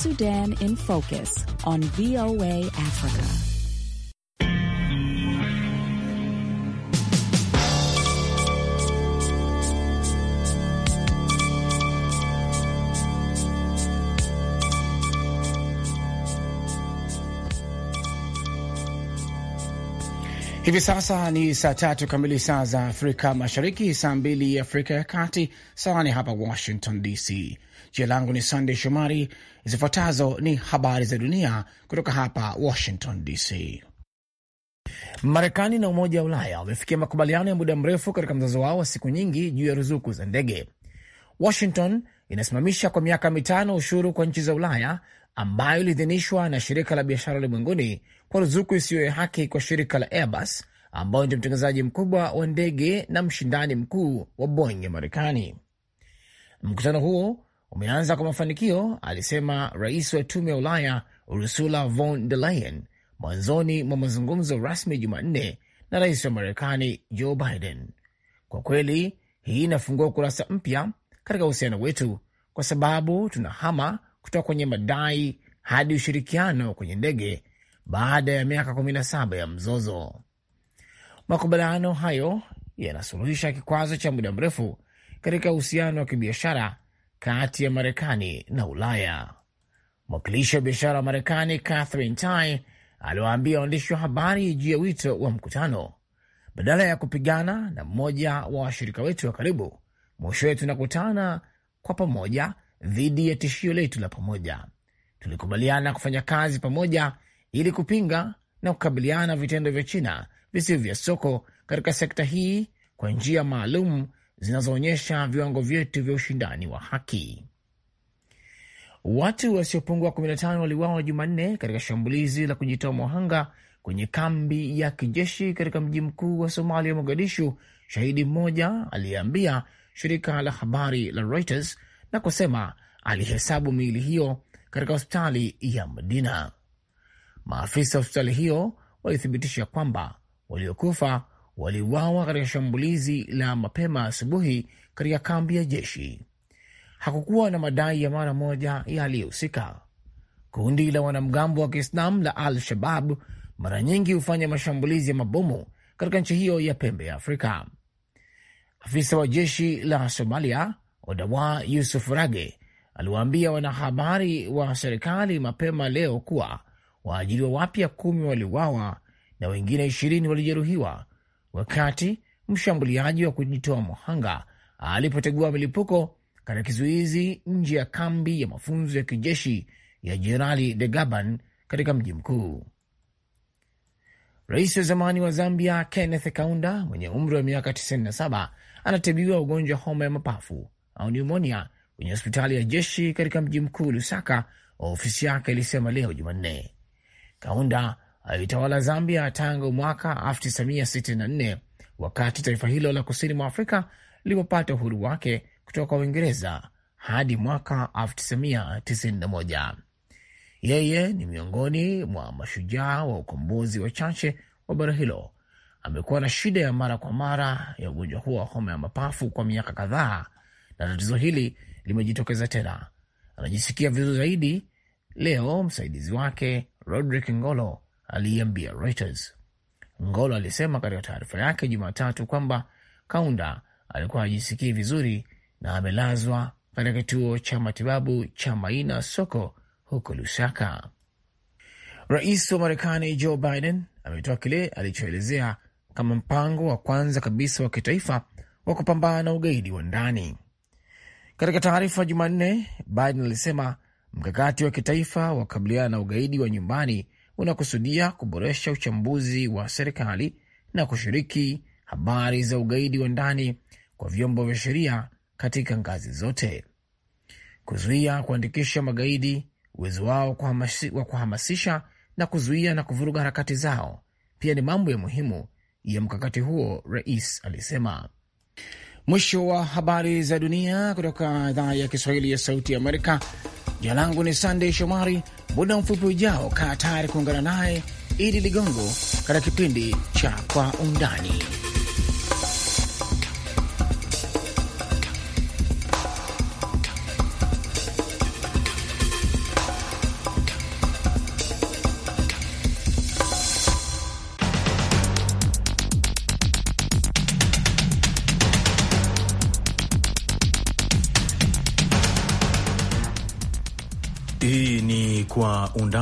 Sudan in Focus on VOA Africa. Hivi sasa ni saa tatu kamili saa za Afrika Mashariki, saa mbili Afrika ya Kati, sawa ni hapa Washington DC. Jina langu ni Sandey Shomari. Zifuatazo ni habari za dunia kutoka hapa Washington DC. Marekani na Umoja wa Ulaya wamefikia makubaliano ya muda mrefu katika mzozo wao wa siku nyingi juu ya ruzuku za ndege. Washington inasimamisha kwa miaka mitano ushuru kwa nchi za Ulaya ambayo iliidhinishwa na Shirika la Biashara Ulimwenguni kwa ruzuku isiyo ya haki kwa shirika la Airbus ambayo ndio mtengenezaji mkubwa wa ndege na mshindani mkuu wa Boeing ya Marekani. Mkutano huo umeanza kwa mafanikio, alisema rais wa tume ya Ulaya Ursula von der Leyen mwanzoni mwa mazungumzo rasmi Jumanne na rais wa Marekani Joe Biden. Kwa kweli, hii inafungua ukurasa mpya katika uhusiano wetu, kwa sababu tunahama kutoka kwenye madai hadi ushirikiano kwenye ndege baada ya miaka 17 ya mzozo. Makubaliano hayo yanasuluhisha kikwazo cha muda mrefu katika uhusiano wa kibiashara kati ya Marekani na Ulaya. Mwakilishi wa biashara wa Marekani Catherine Tai aliwaambia waandishi wa habari juu ya wito wa mkutano, badala ya kupigana na mmoja wa washirika wetu wa karibu, mwisho wetu nakutana kwa pamoja dhidi ya tishio letu la pamoja. Tulikubaliana kufanya kazi pamoja ili kupinga na kukabiliana vitendo vya China visivyo vya soko katika sekta hii kwa njia maalum zinazoonyesha viwango vyetu vya ushindani wa haki. Watu wasiopungua 15 waliuawa Jumanne katika shambulizi la kujitoa mhanga kwenye kambi ya kijeshi katika mji mkuu wa Somalia, Mogadishu, shahidi mmoja aliyeambia shirika la habari la Reuters na kusema alihesabu miili hiyo katika hospitali ya madina Maafisa wa hospitali hiyo walithibitisha kwamba waliokufa waliuawa katika shambulizi la mapema asubuhi katika kambi ya jeshi. Hakukuwa na madai ya mara moja yaliyohusika. Kundi la wanamgambo wa Kiislam la Al Shabab mara nyingi hufanya mashambulizi ya mabomu katika nchi hiyo ya pembe ya Afrika. Afisa wa jeshi la Somalia Odawa Yusuf Rage aliwaambia wanahabari wa serikali mapema leo kuwa waajiriwa wapya kumi waliuawa na wengine ishirini walijeruhiwa wakati mshambuliaji wa kujitoa muhanga alipotegua milipuko katika kizuizi nje ya kambi ya mafunzo ya kijeshi ya Jenerali De Gaban katika mji mkuu. Rais wa zamani wa Zambia Kenneth Kaunda mwenye umri wa miaka 97 anatibiwa ugonjwa homa ya mapafu au pneumonia kwenye hospitali ya jeshi katika mji mkuu Lusaka, ofisi yake ilisema leo Jumanne. Kaunda alitawala Zambia tangu mwaka 1964 wakati taifa hilo la kusini mwa Afrika lilipopata uhuru wake kutoka kwa Uingereza hadi mwaka 1991. Yeye ni miongoni mwa mashujaa wa ukombozi wachache wa bara hilo. Amekuwa na shida ya mara kwa mara ya ugonjwa huo wa homa ya mapafu kwa miaka kadhaa, na tatizo hili limejitokeza tena. Anajisikia vizuri zaidi leo, msaidizi wake Rodrick Ngolo aliiambia Reuters. Ngolo alisema katika taarifa yake Jumatatu kwamba Kaunda alikuwa hajisikii vizuri na amelazwa katika kituo cha matibabu cha Maina Soko huko Lusaka. Rais wa Marekani Joe Biden ametoa kile alichoelezea kama mpango wa kwanza kabisa wa kitaifa wa kupambana na ugaidi wa ndani. Katika taarifa Jumanne, Biden alisema Mkakati wa kitaifa wa kukabiliana na ugaidi wa nyumbani unakusudia kuboresha uchambuzi wa serikali na kushiriki habari za ugaidi wa ndani kwa vyombo vya sheria katika ngazi zote, kuzuia kuandikisha magaidi, uwezo wao wa kuhamasisha na kuzuia na kuvuruga harakati zao pia ni mambo ya muhimu ya mkakati huo, rais alisema. Mwisho wa habari za dunia kutoka idhaa ya Kiswahili ya Sauti ya Amerika. Jina langu ni Sandey Shomari. Muda mfupi ujao, kaa tayari kuungana naye Idi Ligongo katika kipindi cha Kwa Undani.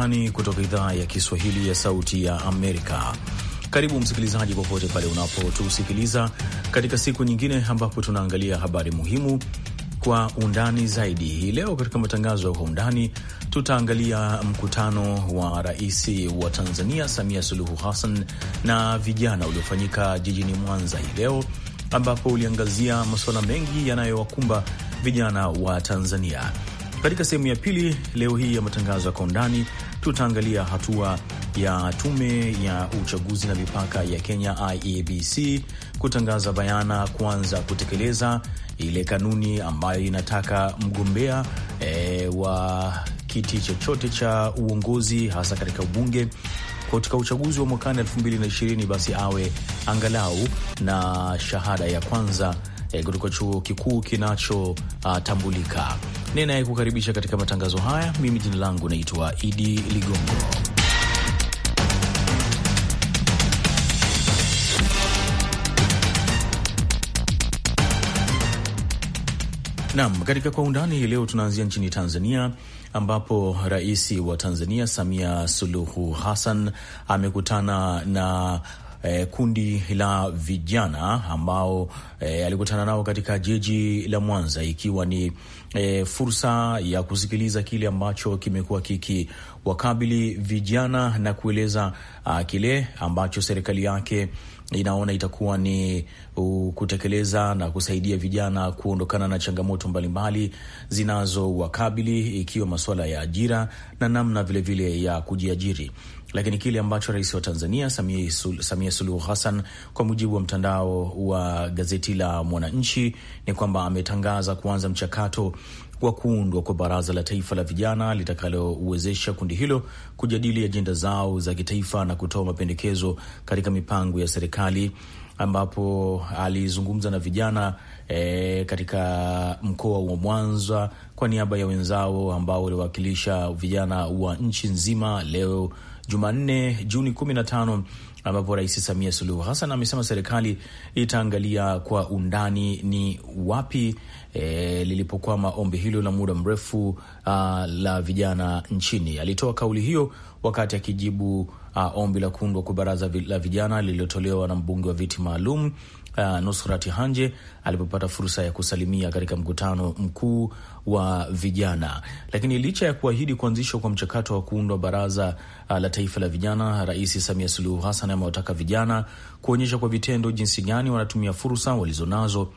Undani kutoka idhaa ya Kiswahili ya Sauti ya Amerika. Karibu msikilizaji, popote pale unapotusikiliza katika siku nyingine ambapo tunaangalia habari muhimu kwa undani zaidi. Hii leo katika matangazo ya Kwa Undani tutaangalia mkutano wa rais wa Tanzania Samia Suluhu Hassan na vijana uliofanyika jijini Mwanza hii leo ambapo uliangazia masuala mengi yanayowakumba vijana wa Tanzania. Katika sehemu ya pili leo hii ya matangazo ya Kwa Undani tutaangalia hatua ya tume ya uchaguzi na mipaka ya Kenya IEBC kutangaza bayana kuanza kutekeleza ile kanuni ambayo inataka mgombea e, wa kiti chochote cha uongozi hasa katika ubunge katika uchaguzi wa mwakani 2020 basi awe angalau na shahada ya kwanza e, kutoka chuo kikuu kinachotambulika. Ninayekukaribisha katika matangazo haya mimi, jina langu naitwa Idi Ligongo. Nam, katika kwa undani leo tunaanzia nchini Tanzania ambapo rais wa Tanzania Samia Suluhu Hassan amekutana na eh, kundi la vijana ambao eh, alikutana nao katika jiji la Mwanza ikiwa ni E, fursa ya kusikiliza kile ambacho kimekuwa kikiwakabili vijana na kueleza uh, kile ambacho serikali yake inaona itakuwa ni kutekeleza na kusaidia vijana kuondokana na changamoto mbalimbali zinazowakabili ikiwa masuala ya ajira na namna vilevile vile ya kujiajiri lakini kile ambacho rais wa Tanzania Samia, Sul, Samia Suluhu Hassan kwa mujibu wa mtandao wa gazeti la Mwananchi ni kwamba ametangaza kuanza mchakato wa kuundwa kwa baraza la taifa la vijana litakalowezesha kundi hilo kujadili ajenda zao za kitaifa na kutoa mapendekezo katika mipango ya serikali ambapo alizungumza na vijana e, katika mkoa wa Mwanza kwa niaba ya wenzao ambao waliwakilisha vijana wa nchi nzima leo Jumanne Juni 15 ambapo Rais Samia Suluhu Hassan amesema serikali itaangalia kwa undani ni wapi e, lilipokwama ombi hilo la muda mrefu a, la vijana nchini. Alitoa kauli hiyo wakati akijibu ombi la kuundwa kwa baraza la vijana lililotolewa na mbunge wa viti maalum uh, Nusrat Hanje alipopata fursa ya kusalimia katika mkutano mkuu wa vijana. Lakini licha ya kuahidi kuanzishwa kwa mchakato wa kuundwa baraza uh, la taifa la vijana, Rais Samia Suluhu Hassan amewataka vijana kuonyesha kwa vitendo jinsi gani wanatumia fursa walizonazo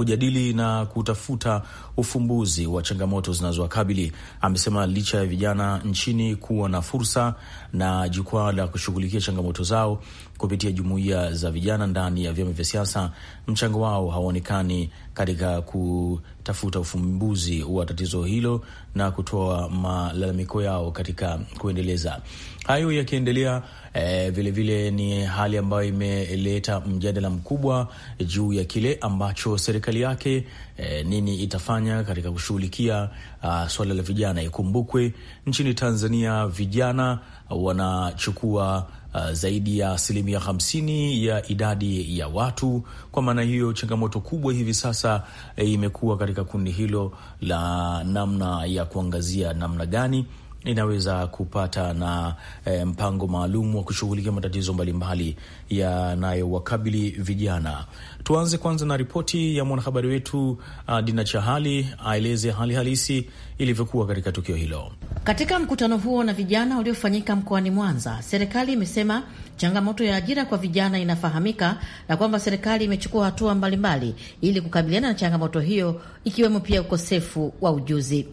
kujadili na kutafuta ufumbuzi wa changamoto zinazowakabili. Amesema licha ya vijana nchini kuwa na fursa na jukwaa la kushughulikia changamoto zao kupitia jumuiya za vijana ndani ya vyama vya siasa, mchango wao hauonekani katika kutafuta ufumbuzi wa tatizo hilo na kutoa malalamiko yao katika kuendeleza hayo yakiendelea. Eh, vilevile ni hali ambayo imeleta mjadala mkubwa juu ya kile ambacho serikali yake eh, nini itafanya katika kushughulikia uh, swala la vijana. Ikumbukwe nchini Tanzania vijana wanachukua uh, zaidi ya asilimia hamsini ya idadi ya watu. Kwa maana hiyo, changamoto kubwa hivi sasa eh, imekuwa katika kundi hilo la namna ya kuangazia namna gani inaweza kupata na e, mpango maalum wa kushughulikia matatizo mbalimbali yanayowakabili vijana. Tuanze kwanza na ripoti ya mwanahabari wetu uh, Dina Chahali aeleze hali halisi ilivyokuwa katika tukio hilo. Katika mkutano huo na vijana uliofanyika mkoani Mwanza, serikali imesema Changamoto ya ajira kwa vijana inafahamika na kwamba serikali imechukua hatua mbalimbali ili kukabiliana na changamoto hiyo ikiwemo pia ukosefu wa ujuzi.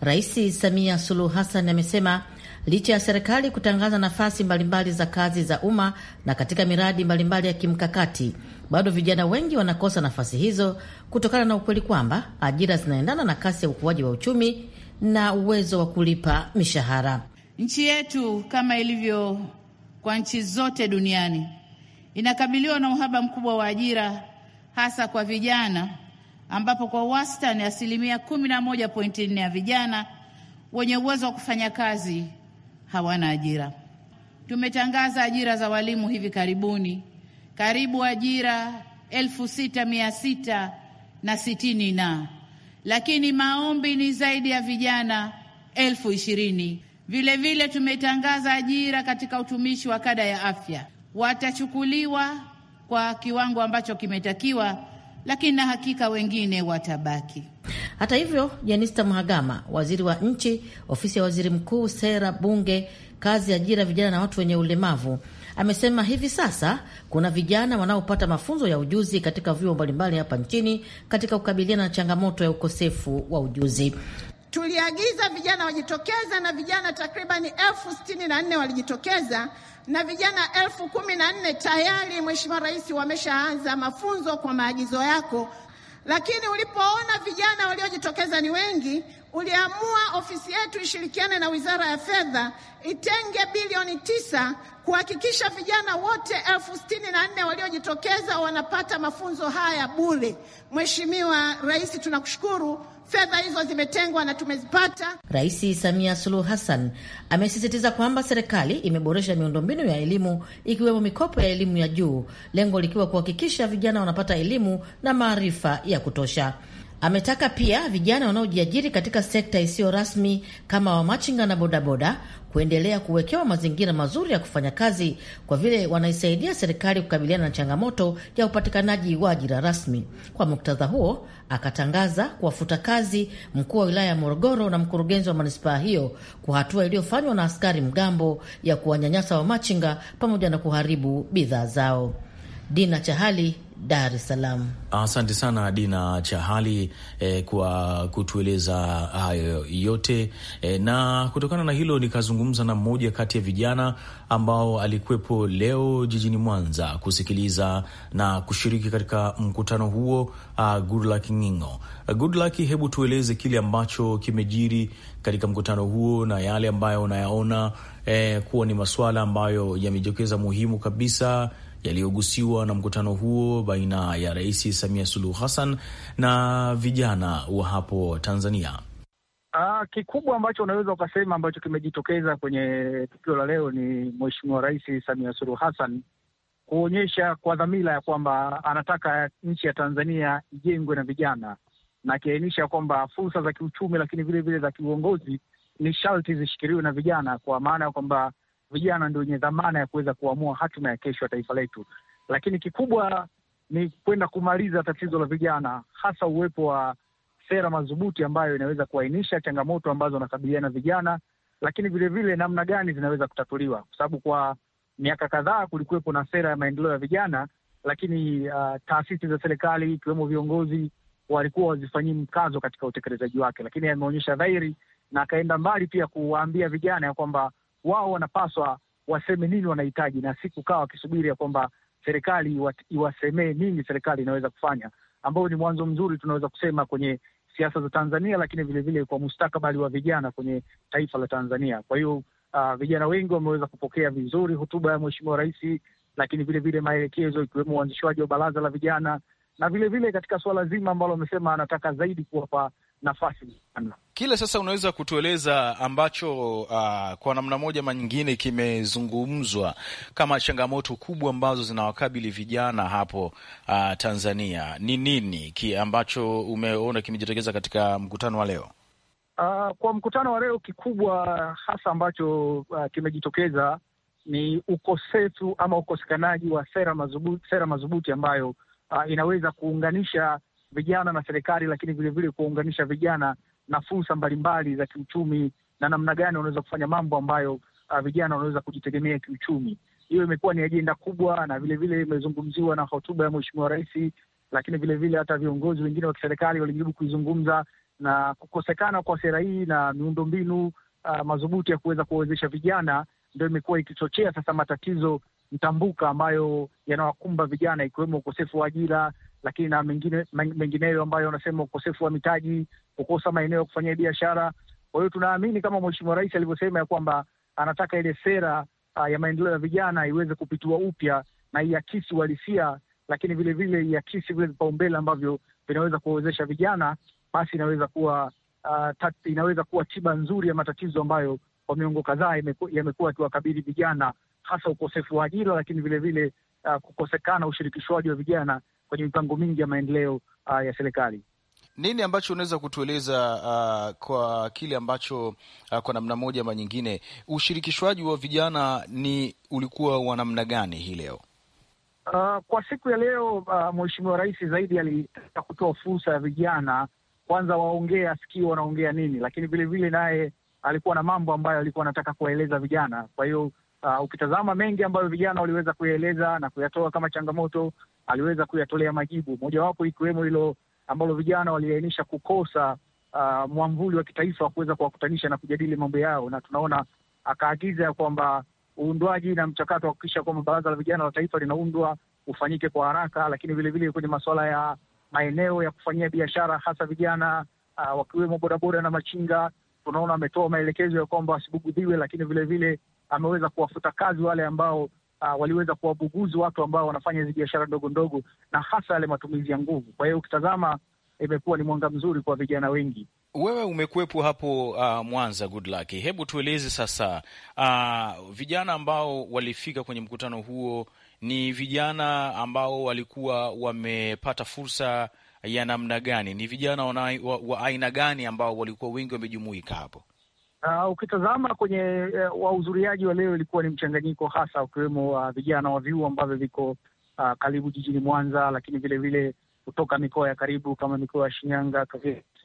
Rais Samia Suluhu Hassan amesema licha ya serikali kutangaza nafasi mbalimbali za kazi za umma na katika miradi mbalimbali ya kimkakati, bado vijana wengi wanakosa nafasi hizo kutokana na ukweli kwamba ajira zinaendana na kasi ya ukuaji wa uchumi na uwezo wa kulipa mishahara. Nchi yetu kama ilivyo kwa nchi zote duniani. Inakabiliwa na uhaba mkubwa wa ajira hasa kwa vijana, ambapo kwa wastani asilimia 11.4 ya vijana wenye uwezo wa kufanya kazi hawana ajira. Tumetangaza ajira za walimu hivi karibuni, karibu ajira elfu sita mia sita na sitini na lakini maombi ni zaidi ya vijana elfu ishirini. Vilevile tumetangaza ajira katika utumishi wa kada ya afya, watachukuliwa kwa kiwango ambacho kimetakiwa, lakini na hakika wengine watabaki. Hata hivyo, Jenista Mhagama, waziri wa nchi ofisi ya waziri mkuu, sera, bunge, kazi, ajira, vijana na watu wenye ulemavu, amesema hivi sasa kuna vijana wanaopata mafunzo ya ujuzi katika vyuo mbalimbali hapa nchini katika kukabiliana na changamoto ya ukosefu wa ujuzi. Tuliagiza vijana wajitokeze na vijana takribani elfu sitini na nne walijitokeza na vijana elfu kumi na nne tayari, Mheshimiwa Rais, wameshaanza mafunzo kwa maagizo yako. Lakini ulipoona vijana waliojitokeza ni wengi, uliamua ofisi yetu ishirikiane na Wizara ya Fedha itenge bilioni tisa kuhakikisha vijana wote elfu sitini na nne waliojitokeza wanapata mafunzo haya bure. Mheshimiwa Rais, tunakushukuru Fedha hizo zimetengwa na tumezipata. Rais Samia Suluhu Hassan amesisitiza kwamba serikali imeboresha miundombinu ya elimu ikiwemo mikopo ya elimu ya juu, lengo likiwa kuhakikisha vijana wanapata elimu na maarifa ya kutosha. Ametaka pia vijana wanaojiajiri katika sekta isiyo rasmi kama wamachinga na bodaboda kuendelea kuwekewa mazingira mazuri ya kufanya kazi kwa vile wanaisaidia serikali kukabiliana na changamoto ya upatikanaji wa ajira rasmi. Kwa muktadha huo, akatangaza kuwafuta kazi mkuu wa wilaya ya Morogoro na mkurugenzi wa manispaa hiyo kwa hatua iliyofanywa na askari mgambo ya kuwanyanyasa wamachinga pamoja na kuharibu bidhaa zao. Dina Chahali Dar es Salaam. Asante sana Dina Chahali eh, kwa kutueleza hayo yote eh, na kutokana na hilo nikazungumza na mmoja kati ya vijana ambao alikuwepo leo jijini Mwanza kusikiliza na kushiriki katika mkutano huo. Uh, ah, Goodluck Ngingo, uh, ah, Goodluck, hebu tueleze kile ambacho kimejiri katika mkutano huo na yale ambayo unayaona eh, kuwa ni masuala ambayo yamejitokeza muhimu kabisa yaliyogusiwa na mkutano huo baina ya Rais Samia Suluhu Hassan na vijana wa hapo Tanzania? Aa, ah, kikubwa ambacho unaweza ukasema ambacho kimejitokeza kwenye tukio la leo ni Mheshimiwa Rais Samia Suluhu Hassan kuonyesha kwa dhamira ya kwamba anataka nchi ya Tanzania ijengwe na vijana na akiainisha kwamba fursa za kiuchumi lakini vile vile za kiuongozi ni sharti zishikiriwe na vijana, kwa maana ya kwamba Vijana ndio wenye dhamana ya kuweza kuamua hatima ya kesho ya taifa letu, lakini kikubwa ni kwenda kumaliza tatizo la vijana, hasa uwepo wa sera madhubuti ambayo inaweza kuainisha changamoto ambazo wanakabiliana vijana, lakini vilevile namna gani zinaweza kutatuliwa, kwa sababu kwa miaka kadhaa kulikuwepo na sera ya maendeleo ya vijana, lakini uh, taasisi za serikali ikiwemo viongozi walikuwa wazifanyii mkazo katika utekelezaji wake, lakini ameonyesha dhahiri na akaenda mbali pia kuwaambia vijana ya kwamba wao wanapaswa waseme nini wanahitaji, na si kukaa wakisubiri ya kwamba serikali iwasemee nini serikali inaweza kufanya, ambao ni mwanzo mzuri tunaweza kusema kwenye siasa za Tanzania, lakini vilevile vile kwa mustakabali wa vijana kwenye taifa la Tanzania. Kwa hiyo uh, vijana wengi wameweza kupokea vizuri hotuba ya Mheshimiwa Rais, lakini vilevile maelekezo ikiwemo uanzishwaji wa baraza la vijana na vilevile vile katika suala zima ambalo amesema anataka zaidi kuwapa nafasi vijana. Kile sasa unaweza kutueleza ambacho uh, kwa namna moja ama nyingine kimezungumzwa kama changamoto kubwa ambazo zinawakabili vijana hapo uh, Tanzania ni nini ki ambacho umeona kimejitokeza katika mkutano wa leo? Uh, kwa mkutano wa leo kikubwa hasa ambacho uh, kimejitokeza ni ukosefu ama ukosekanaji wa sera madhubuti, sera madhubuti ambayo uh, inaweza kuunganisha vijana na serikali, lakini vilevile kuwaunganisha vijana na fursa mbalimbali za kiuchumi na namna gani wanaweza kufanya mambo ambayo uh, vijana wanaweza kujitegemea kiuchumi. Hiyo imekuwa ni ajenda kubwa, na vilevile imezungumziwa na hotuba ya Mheshimiwa Rais, lakini vilevile hata viongozi wengine wa kiserikali walijaribu kuizungumza, na kukosekana kwa sera hii na miundombinu uh, madhubuti ya kuweza kuwawezesha vijana ndio imekuwa ikichochea sasa matatizo mtambuka ambayo yanawakumba vijana ikiwemo ukosefu wa ajira, lakini na mengine mengineyo ambayo wanasema ukosefu wa mitaji, kukosa maeneo ya kufanyia biashara. Kwa hiyo tunaamini kama Mheshimiwa Rais alivyosema ya kwamba anataka ile sera uh, ya maendeleo ya vijana iweze kupitiwa upya na iakisi uhalisia, lakini vilevile iakisi vile vipaumbele ambavyo vinaweza kuwawezesha vijana, basi inaweza kuwa uh, tat, inaweza kuwa tiba nzuri ya matatizo ambayo kwa miongo kadhaa yamekuwa yakiwakabili vijana hasa ukosefu wa ajira, lakini vilevile uh, kukosekana ushirikishwaji wa vijana kwenye mipango mingi ya maendeleo uh, ya serikali. Nini ambacho unaweza kutueleza uh, kwa kile ambacho uh, kwa namna moja ama nyingine ushirikishwaji wa vijana ni ulikuwa wa namna gani hii leo? Uh, kwa siku ya leo uh, Mheshimiwa Rais zaidi alitaka kutoa fursa ya vijana kwanza waongee, asikii wanaongea nini, lakini vilevile naye alikuwa na mambo ambayo alikuwa anataka kuwaeleza vijana. Kwa hiyo uh, ukitazama mengi ambayo vijana waliweza kuyaeleza na kuyatoa kama changamoto, aliweza kuyatolea majibu, mojawapo ikiwemo hilo ambalo vijana waliainisha kukosa uh, mwamvuli wa kitaifa wa kuweza kuwakutanisha na kujadili mambo yao, na tunaona akaagiza kwamba uundwaji na mchakato wa kuhakikisha kwamba baraza la vijana la taifa linaundwa ufanyike kwa haraka, lakini vilevile kwenye masuala ya maeneo ya kufanyia biashara hasa vijana uh, wakiwemo bodaboda na machinga, tunaona ametoa maelekezo ya kwamba wasibugudhiwe, lakini vilevile ameweza kuwafuta kazi wale ambao Uh, waliweza kuwabuguzi watu ambao wanafanya hizi biashara ndogo ndogo na hasa yale matumizi ya nguvu. Kwa hiyo ukitazama, imekuwa ni mwanga mzuri kwa vijana wengi. Wewe umekuwepo hapo uh, Mwanza, good luck. Hebu tueleze sasa, uh, vijana ambao walifika kwenye mkutano huo ni vijana ambao walikuwa wamepata fursa ya namna gani? Ni vijana wa aina gani ambao walikuwa wengi wamejumuika hapo? Uh, ukitazama kwenye uh, wahudhuriaji wa leo ilikuwa ni mchanganyiko hasa wakiwemo uh, ah, vijana wa vyuo ambavyo viko uh, karibu jijini Mwanza, lakini vilevile kutoka vile mikoa ya karibu kama mikoa ya Shinyanga,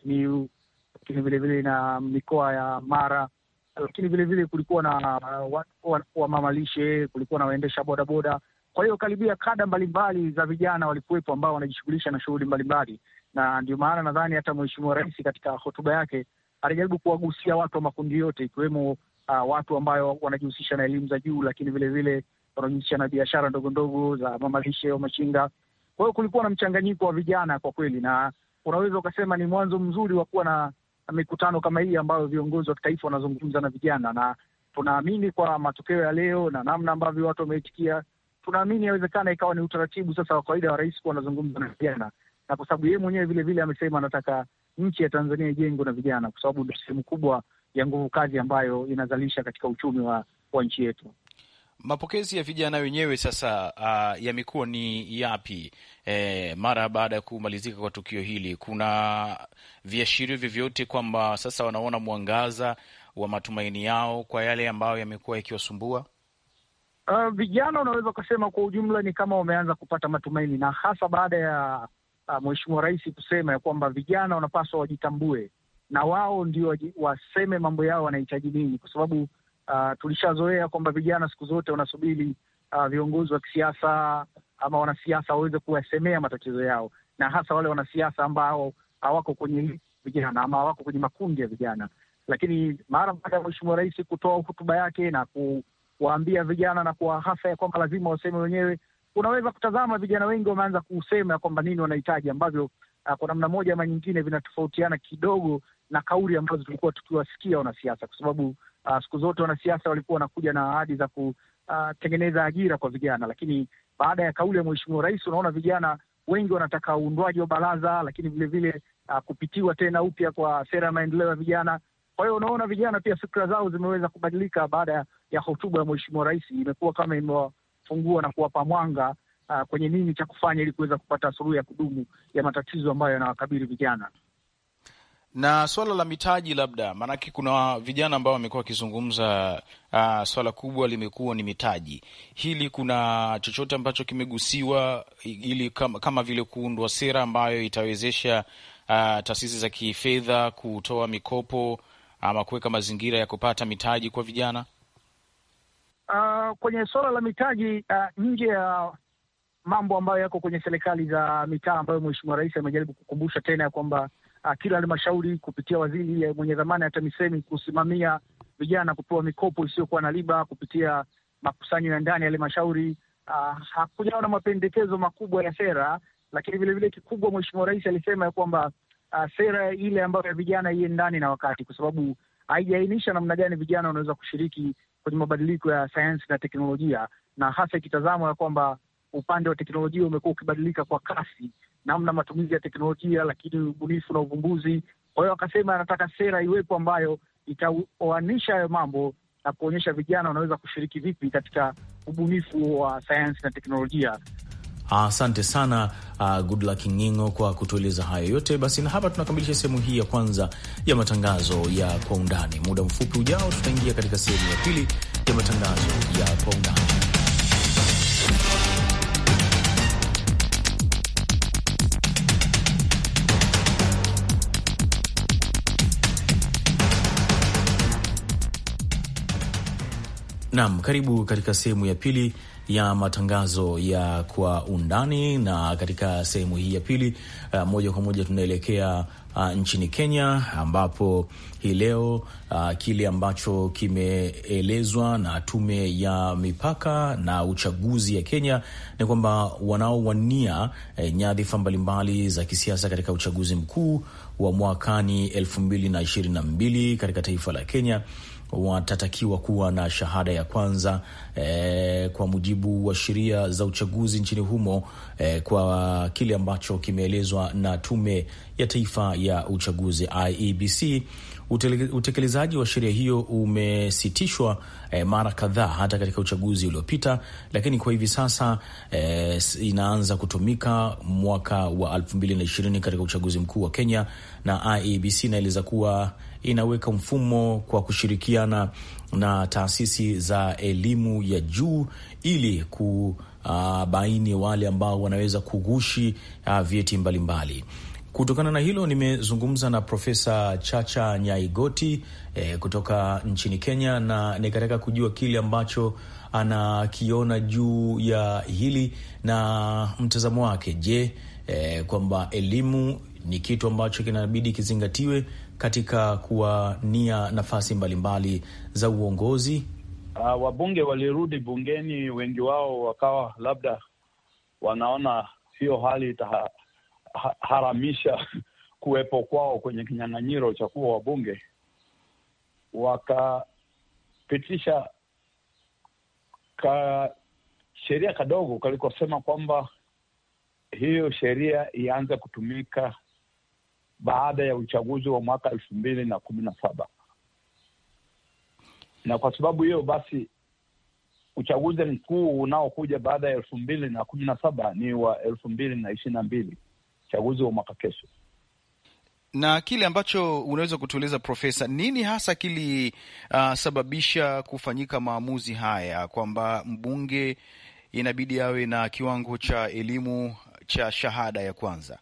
Simiyu, lakini vilevile na mikoa ya Mara, lakini vilevile kulikuwa na uh, wamamalishe, wa, wa kulikuwa na waendesha bodaboda. Kwa hiyo karibia kada mbalimbali za vijana walikuwepo ambao wanajishughulisha na shughuli mbalimbali, na ndio maana nadhani hata Mheshimiwa Rais katika hotuba yake anajaribu kuwagusia watu wa makundi yote ikiwemo uh, watu ambayo wanajihusisha na elimu za juu, lakini vilevile wanajihusisha na biashara ndogo ndogo za mamalishe au machinga. Kwa hiyo kulikuwa na mchanganyiko wa vijana kwa kweli, na unaweza ukasema ni mwanzo mzuri wa kuwa na mikutano kama hii ambayo viongozi wa kitaifa wanazungumza na vijana, na tunaamini kwa matokeo ya leo na namna ambavyo watu wameitikia, tunaamini yawezekana ikawa ni utaratibu sasa wa kawaida wa rais kuwa anazungumza na vijana, na kwa sababu yeye mwenyewe vilevile amesema anataka nchi ya Tanzania ijengwe na vijana, kwa sababu ndio sehemu kubwa ya nguvu kazi ambayo inazalisha katika uchumi wa, wa nchi yetu. Mapokezi ya vijana wenyewe sasa uh, yamekuwa ni yapi? E, mara baada ya kumalizika kwa tukio hili, kuna viashirio vyovyote kwamba sasa wanaona mwangaza wa matumaini yao kwa yale ambayo yamekuwa yakiwasumbua? Uh, vijana unaweza ukasema kwa ujumla ni kama wameanza kupata matumaini, na hasa baada ya uh, Mheshimiwa Rais kusema ya kwamba vijana wanapaswa wajitambue na wao ndio waseme mambo yao wanahitaji nini, kwa sababu uh, tulishazoea kwamba vijana siku zote wanasubiri uh, viongozi wa kisiasa ama wanasiasa waweze kuwasemea matatizo yao, na hasa wale wanasiasa ambao hawako kwenye vijana ama hawako kwenye makundi ya vijana. Lakini mara baada ya Mheshimiwa Rais kutoa hotuba yake na kuwaambia vijana na kuwahasa ya kwamba lazima waseme wenyewe, unaweza kutazama vijana wengi wameanza kusema kwamba nini wanahitaji, ambavyo ah, kwa namna moja ama nyingine vinatofautiana kidogo na kauli ambazo tulikuwa tukiwasikia wanasiasa, kwa sababu uh, siku zote wanasiasa walikuwa wanakuja na ahadi za kutengeneza ah, ajira kwa vijana, lakini baada ya kauli ya Mheshimiwa Rais unaona vijana wengi wanataka uundwaji wa baraza, lakini vilevile uh, kupitiwa tena upya kwa sera ya maendeleo ya vijana. Kwa hiyo unaona vijana pia fikra zao zimeweza kubadilika baada ya hotuba ya Mheshimiwa Rais, imekuwa kama kuwafungua na kuwapa mwanga uh, kwenye nini cha kufanya ili kuweza kupata suluhu ya kudumu ya matatizo ambayo yanawakabili vijana na swala la mitaji labda, maanake kuna vijana ambao wamekuwa wakizungumza uh, swala kubwa limekuwa ni mitaji. Hili kuna chochote ambacho kimegusiwa ili kama, kama vile kuundwa sera ambayo itawezesha uh, taasisi za kifedha kutoa mikopo ama kuweka mazingira ya kupata mitaji kwa vijana? uh, kwenye suala la mitaji uh, nje ya mambo ambayo yako kwenye serikali za mitaa ambayo Mheshimiwa Rais amejaribu kukumbusha tena ya kwamba uh, kila halmashauri kupitia waziri eh, mwenye dhamana ya TAMISEMI kusimamia vijana kupewa mikopo isiyokuwa na riba kupitia makusanyo ya ndani ya halmashauri. Uh, hakujawa na mapendekezo makubwa ya sera, lakini vilevile kikubwa Mheshimiwa Rais alisema ya kwamba uh, sera ile ambayo ya vijana ndani na wakati, kwa sababu haijaainisha namna gani vijana wanaweza kushiriki kwenye mabadiliko ya sayansi na teknolojia, na hasa ikitazamwa ya kwamba upande wa teknolojia umekuwa ukibadilika kwa kasi, namna matumizi ya teknolojia, lakini ubunifu na uvumbuzi. Kwa hiyo akasema anataka sera iwepo ambayo itaoanisha hayo mambo na kuonyesha vijana wanaweza kushiriki vipi katika ubunifu wa sayansi na teknolojia. Asante sana uh, good luck Ngingo kwa kutueleza hayo yote. Basi na hapa tunakamilisha sehemu hii ya kwanza ya matangazo ya kwa undani. Muda mfupi ujao, tutaingia katika sehemu ya pili ya matangazo ya kwa undani. Naam, karibu katika sehemu ya pili ya matangazo ya kwa undani, na katika sehemu hii ya pili uh, moja kwa moja tunaelekea uh, nchini Kenya ambapo hii leo uh, kile ambacho kimeelezwa na tume ya mipaka na uchaguzi ya Kenya ni kwamba wanaowania uh, nyadhifa mbalimbali za kisiasa katika uchaguzi mkuu wa mwakani elfu mbili na ishirini na mbili katika taifa la Kenya watatakiwa kuwa na shahada ya kwanza eh, kwa mujibu wa sheria za uchaguzi nchini humo eh, kwa kile ambacho kimeelezwa na Tume ya Taifa ya Uchaguzi IEBC. Utekelezaji wa sheria hiyo umesitishwa eh, mara kadhaa hata katika uchaguzi uliopita, lakini kwa hivi sasa eh, inaanza kutumika mwaka wa 2020 katika uchaguzi mkuu wa Kenya, na IEBC inaeleza kuwa inaweka mfumo kwa kushirikiana na taasisi za elimu ya juu ili kubaini wale ambao wanaweza kugushi uh, vyeti mbalimbali. Kutokana na hilo nimezungumza na Profesa Chacha Nyaigoti eh, kutoka nchini Kenya, na nikataka kujua kile ambacho anakiona juu ya hili na mtazamo wake. Je, eh, kwamba elimu ni kitu ambacho kinabidi kizingatiwe katika kuwania nafasi mbalimbali mbali za uongozi? Uh, wabunge walirudi bungeni, wengi wao wakawa labda wanaona hiyo hali itaharamisha ha, kuwepo kwao kwenye kinyang'anyiro cha kuwa wabunge, wakapitisha ka sheria kadogo kalikosema kwamba hiyo sheria ianze kutumika baada ya uchaguzi wa mwaka elfu mbili na kumi na saba na kwa sababu hiyo basi uchaguzi mkuu unaokuja baada ya elfu mbili na kumi na saba ni wa elfu mbili na ishirini na mbili uchaguzi wa mwaka kesho. Na kile ambacho unaweza kutueleza Profesa, nini hasa kilisababisha uh, kufanyika maamuzi haya kwamba mbunge inabidi awe na kiwango cha elimu cha shahada ya kwanza?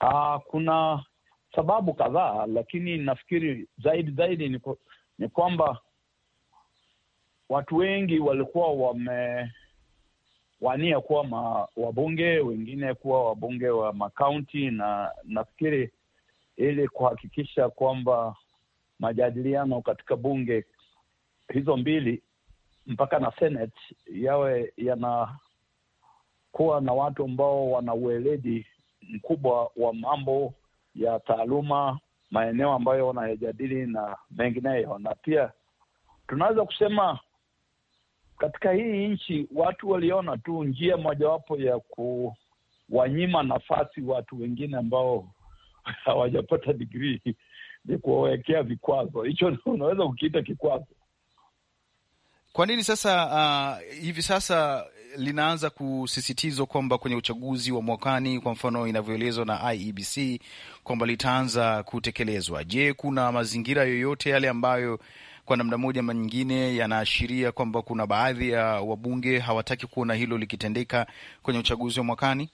Aa, ah, kuna sababu kadhaa, lakini nafikiri zaidi zaidi ni, ni kwamba watu wengi walikuwa wamewania kuwa ma, wabunge, wengine kuwa wabunge wa makaunti, na nafikiri ili kuhakikisha kwamba majadiliano katika bunge hizo mbili mpaka na Senate yawe yanakuwa na watu ambao wana ueledi mkubwa wa mambo ya taaluma, maeneo ambayo wanayajadili na mengineyo, na pia tunaweza kusema katika hii nchi watu waliona tu njia mojawapo ya kuwanyima nafasi watu wengine ambao hawajapata digrii ni kuwawekea vikwazo. Hicho unaweza kukiita kikwazo, kwa nini sasa uh, hivi sasa linaanza kusisitizwa kwamba kwenye uchaguzi wa mwakani, kwa mfano inavyoelezwa na IEBC kwamba litaanza kutekelezwa? Je, kuna mazingira yoyote yale ambayo kwa namna moja ama nyingine yanaashiria kwamba kuna baadhi ya wabunge hawataki kuona hilo likitendeka kwenye uchaguzi wa mwakani?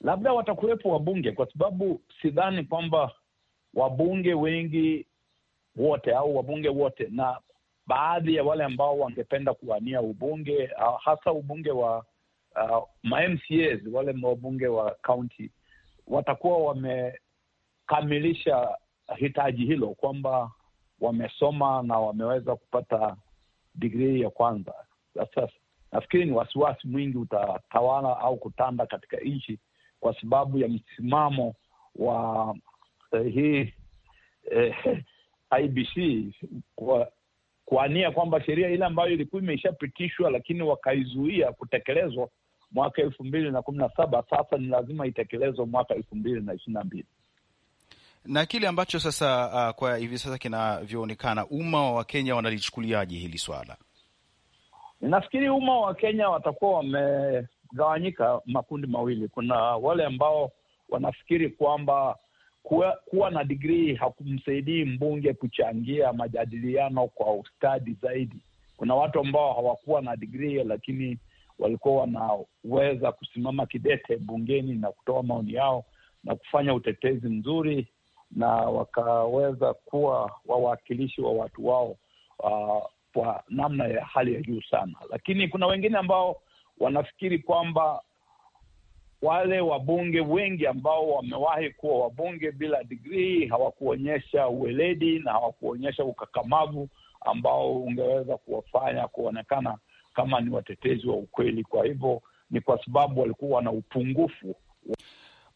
Labda watakuwepo wabunge, kwa sababu sidhani kwamba wabunge wengi wote au wabunge wote na baadhi ya wale ambao wangependa kuwania ubunge ah, hasa ubunge wa uh, ah, mamcas wale wabunge wa kaunti watakuwa wamekamilisha hitaji hilo kwamba wamesoma na wameweza kupata digrii ya kwanza. Sasa nafikiri ni wasiwasi mwingi utatawala au kutanda katika nchi kwa sababu ya msimamo wa uh, hii uh, eh, IBC kwa kwa nia kwamba sheria ile ambayo ilikuwa imeshapitishwa lakini wakaizuia kutekelezwa mwaka elfu mbili na kumi na saba sasa ni lazima itekelezwe mwaka elfu mbili na ishirini na mbili na kile ambacho sasa uh, kwa hivi sasa kinavyoonekana, umma wa Wakenya wanalichukuliaje hili swala? Nafikiri umma wa Wakenya watakuwa wamegawanyika makundi mawili. Kuna wale ambao wanafikiri kwamba kuwa, kuwa na digrii hakumsaidii mbunge kuchangia majadiliano kwa ustadi zaidi. Kuna watu ambao hawakuwa na digrii lakini walikuwa wanaweza kusimama kidete bungeni na kutoa maoni yao na kufanya utetezi mzuri na wakaweza kuwa wawakilishi wa watu wao uh, kwa namna ya hali ya juu sana. Lakini kuna wengine ambao wanafikiri kwamba wale wabunge wengi ambao wamewahi kuwa wabunge bila digrii hawakuonyesha uweledi na hawakuonyesha ukakamavu ambao ungeweza kuwafanya kuonekana kama ni watetezi wa ukweli. Kwa hivyo ni kwa sababu walikuwa na upungufu.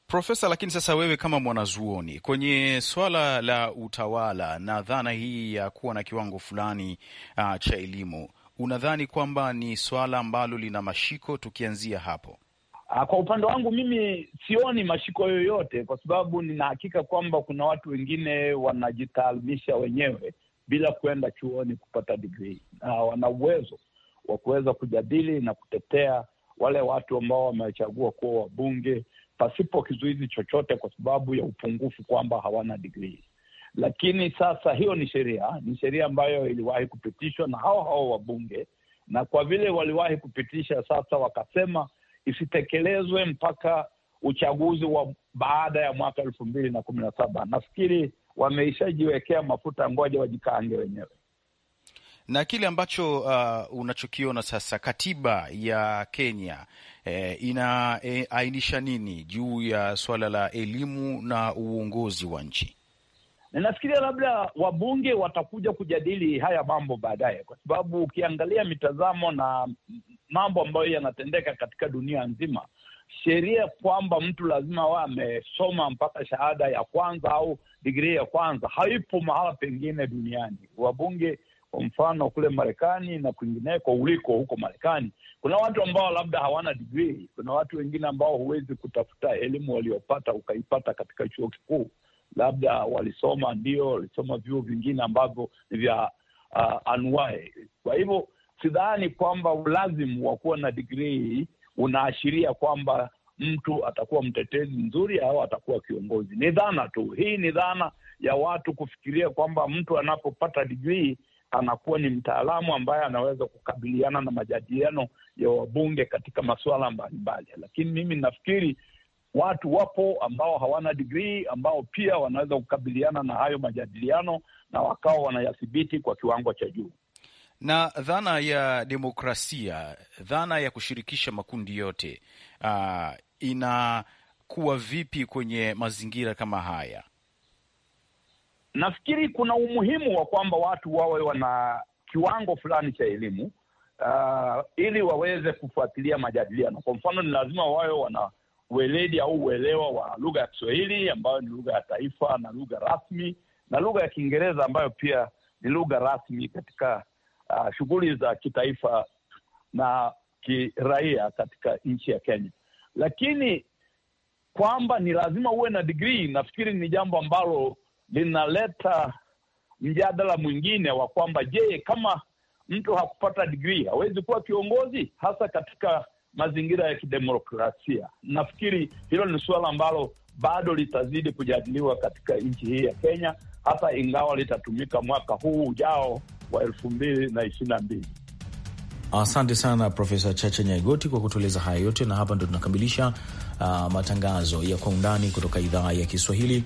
Profesa, lakini sasa wewe kama mwanazuoni kwenye swala la utawala na dhana hii ya kuwa na kiwango fulani uh, cha elimu, unadhani kwamba ni swala ambalo lina mashiko? Tukianzia hapo Ah, kwa upande wangu mimi sioni mashiko yoyote, kwa sababu ninahakika kwamba kuna watu wengine wanajitaalimisha wenyewe bila kuenda chuoni kupata digrii, na wana uwezo wa kuweza kujadili na kutetea wale watu ambao wamechagua kuwa wabunge pasipo kizuizi chochote, kwa sababu ya upungufu kwamba hawana digrii. Lakini sasa hiyo ni sheria, ni sheria ambayo iliwahi kupitishwa na hao hao wabunge, na kwa vile waliwahi kupitisha, sasa wakasema isitekelezwe mpaka uchaguzi wa baada ya mwaka elfu mbili na kumi na saba. Nafikiri wameishajiwekea mafuta, ngoja wajikaange wenyewe na kile ambacho uh, unachokiona sasa, katiba ya Kenya eh, inaainisha eh, nini juu ya suala la elimu na uongozi wa nchi? na nafikiria labda wabunge watakuja kujadili haya mambo baadaye, kwa sababu ukiangalia mitazamo na mambo ambayo yanatendeka katika dunia nzima, sheria kwamba mtu lazima awe amesoma mpaka shahada ya kwanza au digrii ya kwanza haipo mahala pengine duniani. Wabunge kwa mfano kule Marekani na kwingineko uliko huko Marekani, kuna watu ambao labda hawana digrii, kuna watu wengine ambao huwezi kutafuta elimu waliopata ukaipata katika chuo kikuu labda walisoma ndio, walisoma vyuo vingine ambavyo ni vya uh, anuae. Kwa hivyo sidhani kwamba ulazimu wa kuwa na digrii unaashiria kwamba mtu atakuwa mtetezi mzuri au atakuwa kiongozi. Ni dhana tu, hii ni dhana ya watu kufikiria kwamba mtu anapopata digrii anakuwa ni mtaalamu ambaye anaweza kukabiliana na majadiliano ya wabunge katika masuala mbalimbali, lakini mimi nafikiri watu wapo ambao hawana digrii ambao pia wanaweza kukabiliana na hayo majadiliano na wakawa wanayathibiti kwa kiwango cha juu. Na dhana ya demokrasia, dhana ya kushirikisha makundi yote uh, inakuwa vipi kwenye mazingira kama haya? Nafikiri kuna umuhimu wa kwamba watu wawe wana kiwango fulani cha elimu uh, ili waweze kufuatilia majadiliano. Kwa mfano, ni lazima wawe wana weledi au uelewa wa lugha ya Kiswahili ambayo ni lugha ya taifa na lugha rasmi, na lugha ya Kiingereza ambayo pia ni lugha rasmi katika uh, shughuli za kitaifa na kiraia katika nchi ya Kenya. Lakini kwamba ni lazima uwe na digrii, nafikiri ni jambo ambalo linaleta mjadala mwingine wa kwamba je, kama mtu hakupata digrii hawezi kuwa kiongozi, hasa katika mazingira ya kidemokrasia. Nafikiri hilo ni suala ambalo bado litazidi kujadiliwa katika nchi hii ya Kenya, hata ingawa litatumika mwaka huu ujao wa elfu mbili na ishirini na mbili. Asante sana Profesa Chacha Nyaigoti kwa kutueleza haya yote, na hapa ndo tunakamilisha uh, matangazo ya Kwa Undani kutoka idhaa ya Kiswahili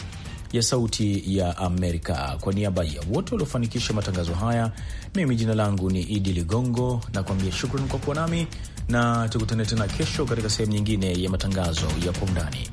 ya Sauti ya Amerika. Kwa niaba ya wote waliofanikisha matangazo haya, mimi jina langu ni Idi Ligongo na kuambia shukran kwa kuwa nami na tukutane tena kesho katika sehemu nyingine ya matangazo ya kwa undani.